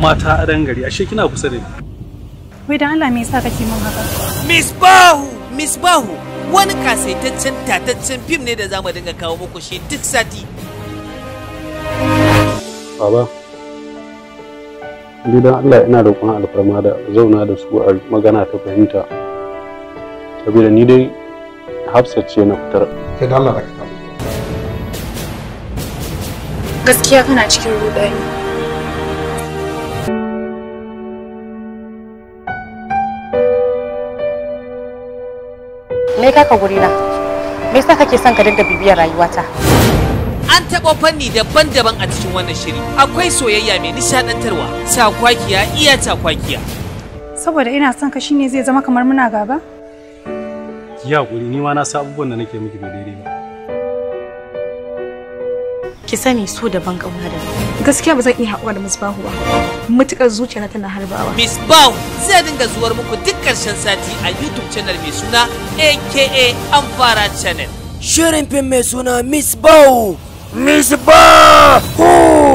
mata a ran gari ashe kina kusa da ni wai da Allah me yasa kake min haka miss bahu wani kasaitaccen tataccen fim ne da za mu dinga kawo muku shi duk sati baba gidan Allah ina da kuma alfarma da zauna da su a magana ta fahimta saboda ni dai hafsat ce na fitar sai da Allah ka gaskiya kana cikin rudani me ka ka me yasa kake son ka dinga bibiyar rayuwata an taɓa fanni daban-daban a cikin wannan shiri akwai soyayya mai nishaɗantarwa takwakiya iya takwakiya saboda ina son ka shine zai zama kamar muna gaba ki guri ni ma na san abubuwan da nake miki da daidai ba ki sani so daban kauna daban gaskiya ba zan iya haƙura da misbahu ba mutukar zuciya tana harbawa misbahu zai dinga zuwar muku duk ƙarshen sati a youtube channel mai suna aka amfara channel shirin fim mai suna misbahu misbahu